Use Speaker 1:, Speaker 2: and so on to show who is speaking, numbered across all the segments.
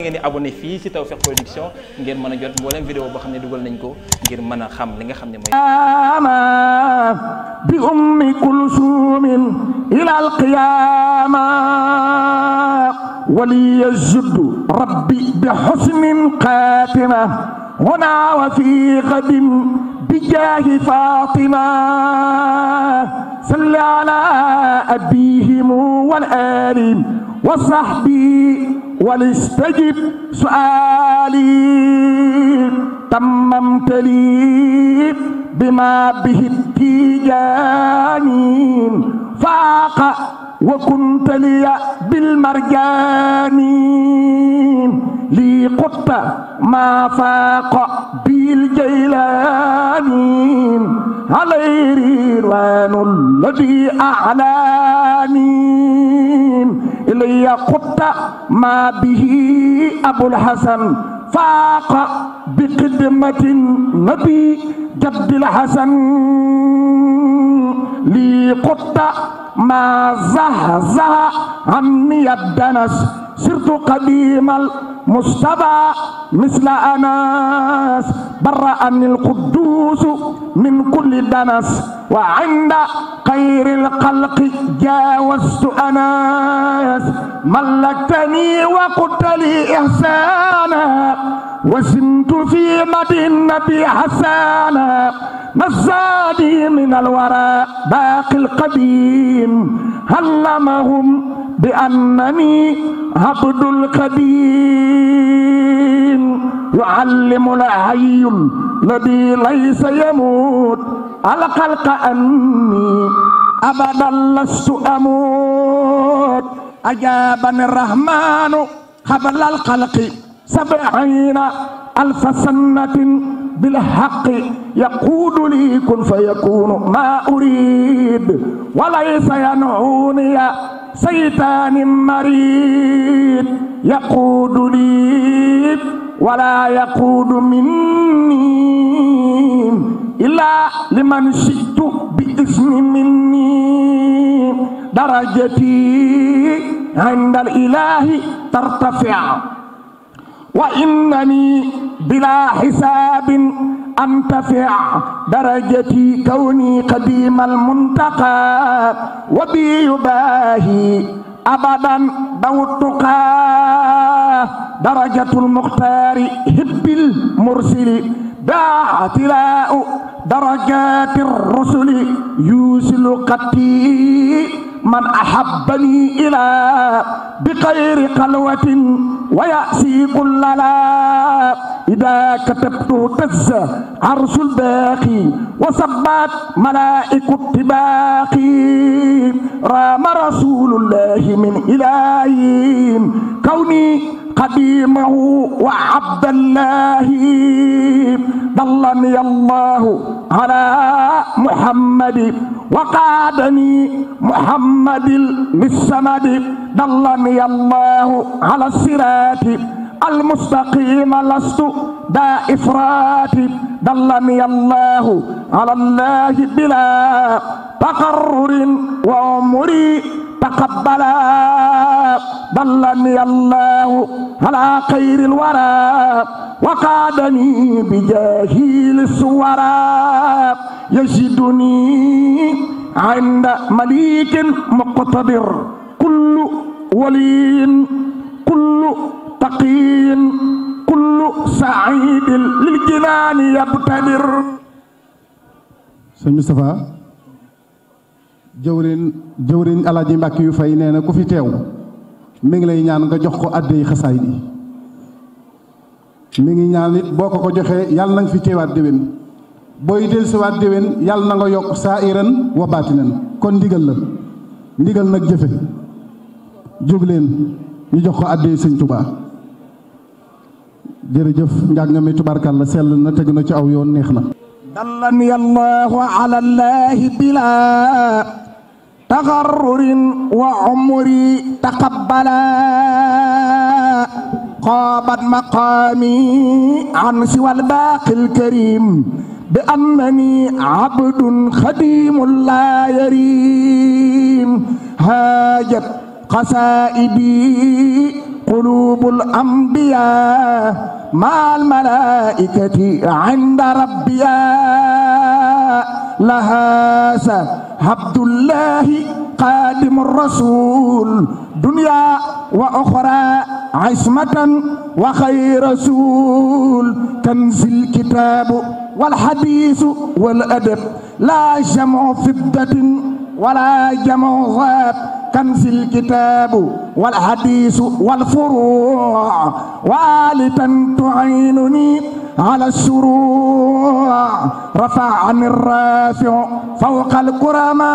Speaker 1: ngeen di abonné fii ci Tawfekh Production ngeen mën a jot mboolem vidéo boo xam ne dugal nañ ko ngir mën a xam li nga xam ne mooy
Speaker 2: ama bi ummi kulsumin ila alqiyama waliya zudd rabbi bi husnin xaatima huna wa fi qadim bi jaahi fatima salli ala abihim wal ali wa sahbi وليستجب سؤالي تممت لي بما به التيجاني فاق وكنت لي بالمرجان لي قط ما فاق بالجيلان علي ريران الذي أعلاني يخط ما به أبو الحسن فاق بقدمة نبي جد الحسن لي قط ما زهزه عني الدنس صرت قديم المصطفى مثل أناس برأني القدوس من كل دنس وعند خير الخلق جاوزت أناس ملكتني وقلت لي إحسانا وسمت في مدي النبي حسانا نزادي من الورى باقي القديم علمهم بأنني عبد القديم يعلم الحي الذي ليس يموت الخلق أني أبدا لست أموت أجابني الرحمن قبل الخلق سبعين ألف سنة بالحق يقول لي كن فيكون ما أريد وليس ينعوني شيطان مريض يقود لي ولا يقود مني إلا لمن شئت بإذن مني درجتي عند الإله ترتفع وإنني بلا حساب أن تفع درجتي كوني قديم المنتقى وبي يباهي أبدا دوتقى درجة المختار هب المرسل باع تلاء درجات الرسل يوصل قتي من أحبني إلى بغير قلوة ويأسي كل لا إذا كتبت تز عرش الباقي وسبت ملائك التباقي رام رسول الله من إلهي كوني قديمه وعبد الله ضلني الله على محمد وقادني محمد بالسمد دلني الله على الصراط المستقيم لست دا إفراط دلني الله على الله بلا تقرر وعمري تقبلا دلني الله على خير الورى وقادني بجاهيل السورى يجدني عند مليك مقتدر كل ولي كل تقي كل سعيد للجنان يبتدر
Speaker 1: سيد مصطفى جورين جورين الاجي مكي فاي نينا كو في تيو mi ngi lay ñaan nga jox ko àddee xasaay bi mi ngi ñaan it boo ko ko joxee yàlla na nga fi teewaat déwén booy dellusiwaat déwén yàlla na nga yokk saa iran wa baatinan kon ndigal la ndigal nag jëfe jóg leen ñu jox ko àddee sëñ tubaa jërëjëf njàng mi tubaarkàlla sell na teg na ci aw yoon neex na
Speaker 2: dallan yallaahu ala bilaa تغرر وعمري تقبلا قابت مقامي عن سوى الباقي الكريم بأنني عبد خديم لا يريم هاجت قصائدي قلوب الأنبياء مع الملائكة عند ربيا لها سهل abdullahi xaadimu rasul dunya wa oxra ismatan wa xay rasul kanzil kitaabu wal xadiisu wal adab laa jamu fiddatin wala jamu zaab kanzil kitaabu wal xadiisu wal furuu waalitan tuaynuni على الشروع رفع عن الرافع فوق الكرماء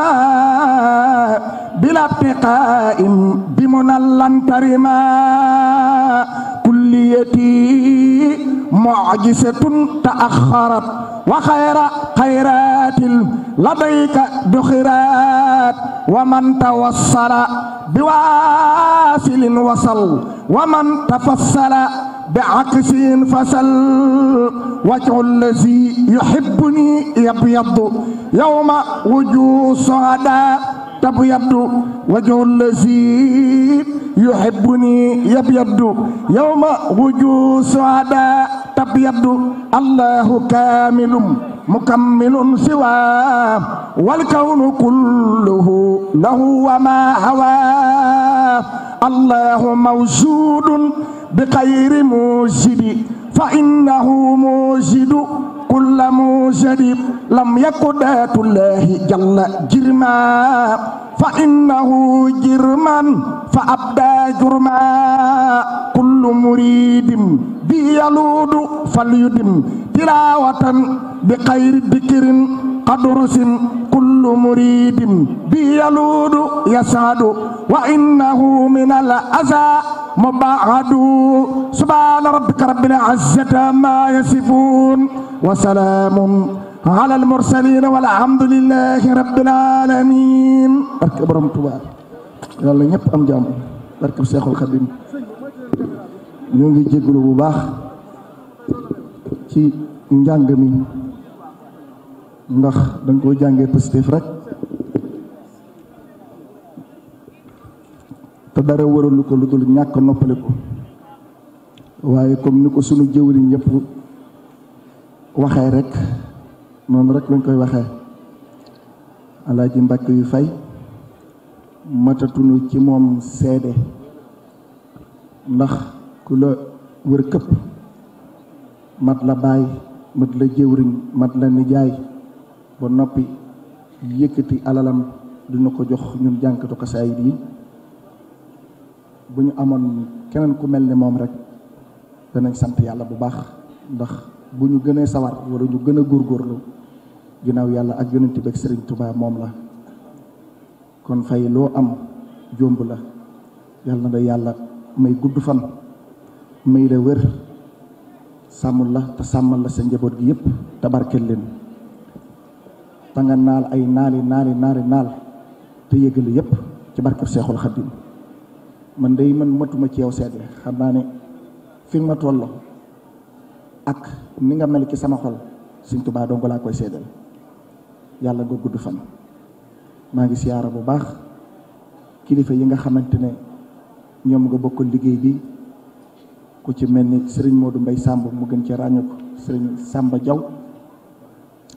Speaker 2: بلا ابتقاء بمنى لنترما كليتي معجزة تأخرت وخير خيرات لديك بخيرات ومن توصل بواصل وصل ومن تفصل بعطف فسل وجه الذي يحبني يبيض يوم وجوه السعداء تبيض وجه الذي يحبني يبيض يوم وجوه السعداء تبيض الله كامل مكمل سواه والكون كله له وما هواه الله موجود بغير موجد فإنه موجد كل موجد لم يقدات الله جل جرما فإنه جرما فأبدى جرما كل مريد بيلود فليدم تلاوة بغير ذكر قدرس كل kullu muridin bi yaluudu yasaadu wa innahu min al aza mubaadu subhaana rabbika rabbil izzati amma yasifuun wa salaamun ala al mursaliin walhamdulillahi rabbil aalamiin barke borom Tuubaa
Speaker 1: yàlla ñëpp am jàmm barke Seexul Xadiim ñoo ngi jégalu bu baax ci njàng mi ndax danga ko jàngee positif rek te dara waralu ko lu dul ñàkk noppaliku waaye comme ni ko sunu jëwriñ yëpp waxee rek noonu rek lañ koy waxee alaaji mbàkk yu fay matatunu ci moom seede ndax ku la wër këpp mat la baay mat la jëwriñ mat la nijaay ba noppi yëkkati alalam dina ko jox ñun jànkatu xasaayid yi bu ñu amoon keneen ku mel ni moom rek danañ sant yàlla bu baax ndax bu ñu gënee sawar wala ñu gën a góorlu ginnaaw yàlla ak yonañ tibe ak Sëriñ Tuubaa moom la kon fay loo am jómb la yàlla da yàlla may gudd fan may la wér sàmmul la te sàmmal la sa njaboot gi yëpp tabarkel leen te naal ay naali naali naali naal te yëgale yépp ci barkeb Seexul Xaddim man day man matuma ci yow seede xam naa ne fi nga ma tolloo ak ni nga mel ki sama xol Sëñ Tuubaa dong laa koy seedal yàlla nga gudd fan maa ngi siyaara bu baax kilifa yi nga xamante ne ñoom nga bokkal liggéey bi ku ci mel ni sëriñ Modou Mbaye Samb mu gën ci ràññu ko sëriñ Samba Diaw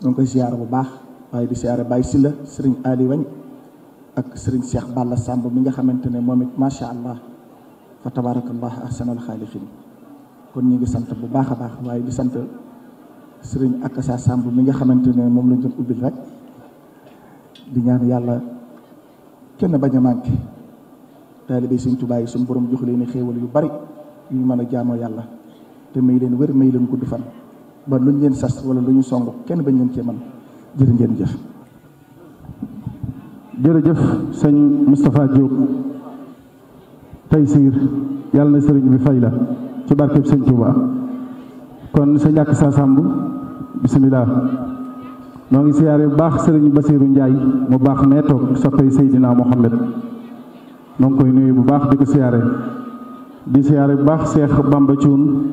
Speaker 1: ñoo koy siyaara bu baax waaye di siyaare Baye Sylla sëriñ Ali Wañ ak sëriñ Cheikh Balla Samb mi nga xamante ne moom it macha allah fa tabarakallah ahsanal xaaliqin kon ñu ngi sant bu baax a baax waaye di sant sëriñ Akassa Samb mi nga xamante ne moom lañ doon ubbil rek di ñaan yàlla kenn bañ a manqué taalibe sëriñ Tuubaa yi suñu borom jox leen xéewal yu bari yu ñu mën a jaamoo yàlla te may leen wér may leen gudd fan ba luñ leen sas wala lu ñu song kenn bañ leen cee man jërë ngeen jëf jërëjëf sëñ Moustapha Diop Taysiir yàlla na sëriñ bi fay la ci barkeb sëñ Touba kon sa ñàkk saa sàmb bisimilah moo ngi siyaare bu baax sëriñ Basiiru Njaay mu baax nee sa soppay Seydina Mohamed noo koy nuyu bu baax di ko siyaare di siyaare bu baax Seex Bamba Cuun